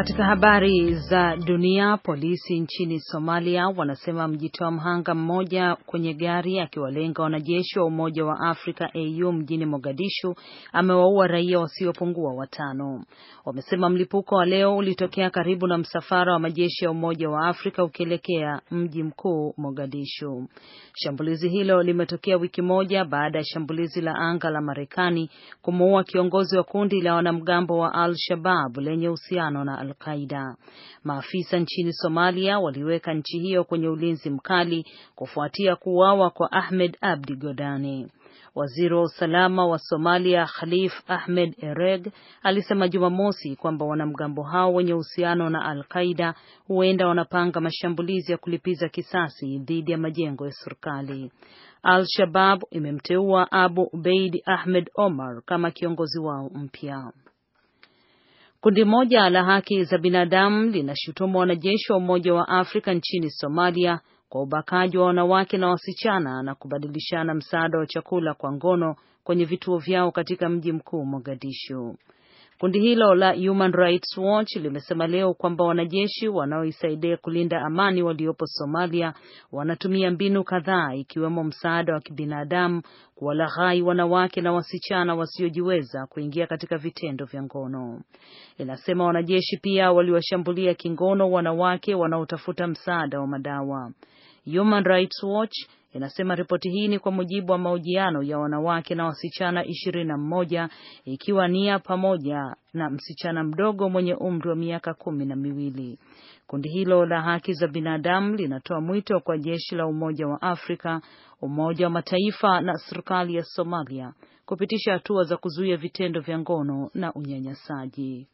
Katika habari za dunia, polisi nchini Somalia wanasema mjitoa mhanga mmoja kwenye gari akiwalenga wanajeshi wa Umoja wa Afrika AU mjini Mogadishu amewaua raia wasiopungua watano. Wamesema mlipuko wa leo ulitokea karibu na msafara wa majeshi ya Umoja wa Afrika ukielekea mji mkuu Mogadishu. Shambulizi hilo limetokea wiki moja baada ya shambulizi la anga la Marekani kumuua kiongozi wa kundi la wanamgambo wa al shabab lenye uhusiano na Al-Qaida. Maafisa nchini Somalia waliweka nchi hiyo kwenye ulinzi mkali kufuatia kuuawa kwa Ahmed Abdi Godani. Waziri wa usalama wa Somalia Khalif Ahmed Ereg alisema Jumamosi kwamba wanamgambo hao wenye uhusiano na Al-Qaida huenda wanapanga mashambulizi ya kulipiza kisasi dhidi ya majengo ya serikali. Al-Shabab imemteua Abu Ubeid Ahmed Omar kama kiongozi wao mpya. Kundi moja la haki za binadamu linashutumu wanajeshi wa Umoja wa Afrika nchini Somalia kwa ubakaji wa wanawake na wasichana na kubadilishana msaada wa chakula kwa ngono kwenye vituo vyao katika mji mkuu Mogadishu. Kundi hilo la Human Rights Watch limesema leo kwamba wanajeshi wanaoisaidia kulinda amani waliopo Somalia wanatumia mbinu kadhaa ikiwemo msaada wa kibinadamu kuwalaghai wanawake na wasichana wasiojiweza kuingia katika vitendo vya ngono. Inasema wanajeshi pia waliwashambulia kingono wanawake wanaotafuta msaada wa madawa. Human Rights Watch inasema ripoti hii ni kwa mujibu wa mahojiano ya wanawake na wasichana ishirini na mmoja ikiwa nia pamoja na msichana mdogo mwenye umri wa miaka kumi na miwili. Kundi hilo la haki za binadamu linatoa mwito kwa jeshi la Umoja wa Afrika, Umoja wa Mataifa na serikali ya Somalia kupitisha hatua za kuzuia vitendo vya ngono na unyanyasaji.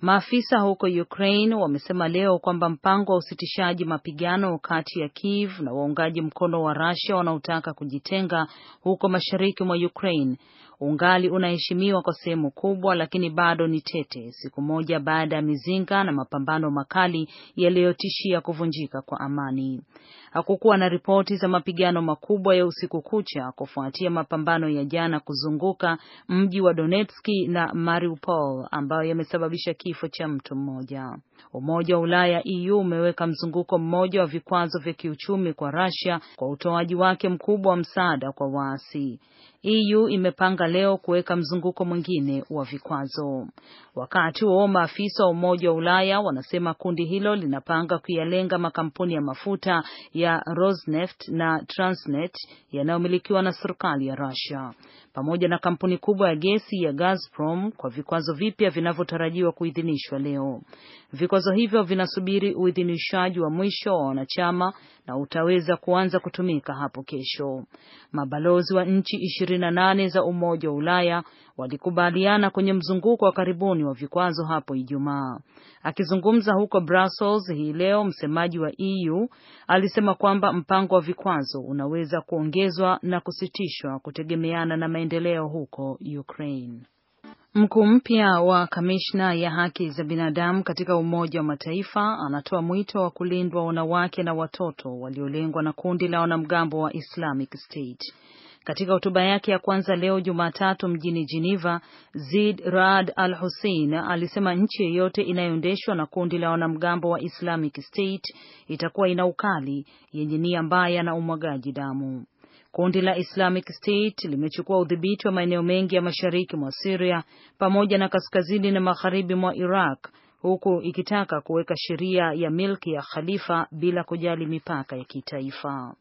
Maafisa huko Ukraine wamesema leo kwamba mpango wa usitishaji mapigano kati ya Kiev na waungaji mkono wa Russia wanaotaka kujitenga huko mashariki mwa Ukraine ungali unaheshimiwa kwa sehemu kubwa, lakini bado ni tete, siku moja baada ya mizinga na mapambano makali yaliyotishia kuvunjika kwa amani. Hakukuwa na ripoti za mapigano makubwa ya usiku kucha kufuatia mapambano ya jana kuzunguka mji wa donetski na Mariupol ambayo yamesababisha kifo cha mtu mmoja. Umoja wa Ulaya EU umeweka mzunguko mmoja wa vikwazo vya kiuchumi kwa Russia kwa utoaji wake mkubwa wa msaada kwa waasi. EU imepanga leo kuweka mzunguko mwingine wa vikwazo. Wakati huo maafisa wa Umoja wa Ulaya wanasema kundi hilo linapanga kuyalenga makampuni ya mafuta ya Rosneft na Transnet yanayomilikiwa na serikali ya Russia pamoja na kampuni kubwa ya gesi ya Gazprom kwa vikwazo vipya vinavyotarajiwa kuidhinishwa leo. Vikwazo hivyo vinasubiri uidhinishaji wa mwisho wa wanachama na utaweza kuanza kutumika hapo kesho. Mabalozi wa nchi 28 za Umoja wa Ulaya walikubaliana kwenye mzunguko wa karibuni wa vikwazo hapo Ijumaa. Akizungumza huko Brussels hii leo, msemaji wa EU alisema kwamba mpango wa vikwazo unaweza kuongezwa na kusitishwa kutegemeana na maendeleo huko Ukraine. Mkuu mpya wa kamishna ya haki za binadamu katika Umoja wa Mataifa anatoa mwito wa kulindwa wanawake na watoto waliolengwa na kundi la wanamgambo wa Islamic State. Katika hotuba yake ya kwanza leo Jumatatu mjini Geneva, Zid Raad Al Hussein alisema nchi yeyote inayoendeshwa na kundi la wanamgambo wa Islamic State itakuwa ina ukali, yenye nia mbaya na umwagaji damu. Kundi la Islamic State limechukua udhibiti wa maeneo mengi ya mashariki mwa Syria pamoja na kaskazini na magharibi mwa Iraq huku ikitaka kuweka sheria ya milki ya khalifa bila kujali mipaka ya kitaifa.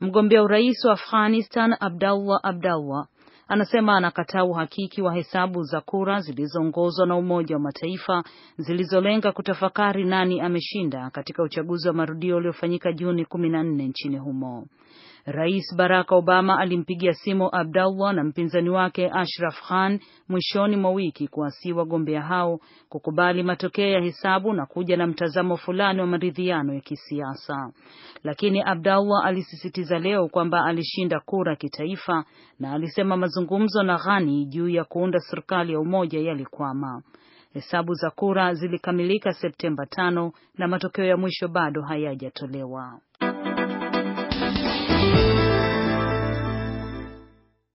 Mgombea urais wa Afghanistan Abdallah Abdallah anasema anakataa uhakiki wa hesabu za kura zilizoongozwa na Umoja wa Mataifa zilizolenga kutafakari nani ameshinda katika uchaguzi wa marudio uliofanyika Juni kumi na nne nchini humo. Rais Barack Obama alimpigia simu Abdallah na mpinzani wake Ashraf Khan mwishoni mwa wiki kuwasii wagombea hao kukubali matokeo ya hesabu na kuja na mtazamo fulani wa maridhiano ya kisiasa. Lakini Abdallah alisisitiza leo kwamba alishinda kura kitaifa na alisema mazungumzo na Ghani juu ya kuunda serikali ya umoja yalikwama. Hesabu za kura zilikamilika Septemba tano na matokeo ya mwisho bado hayajatolewa.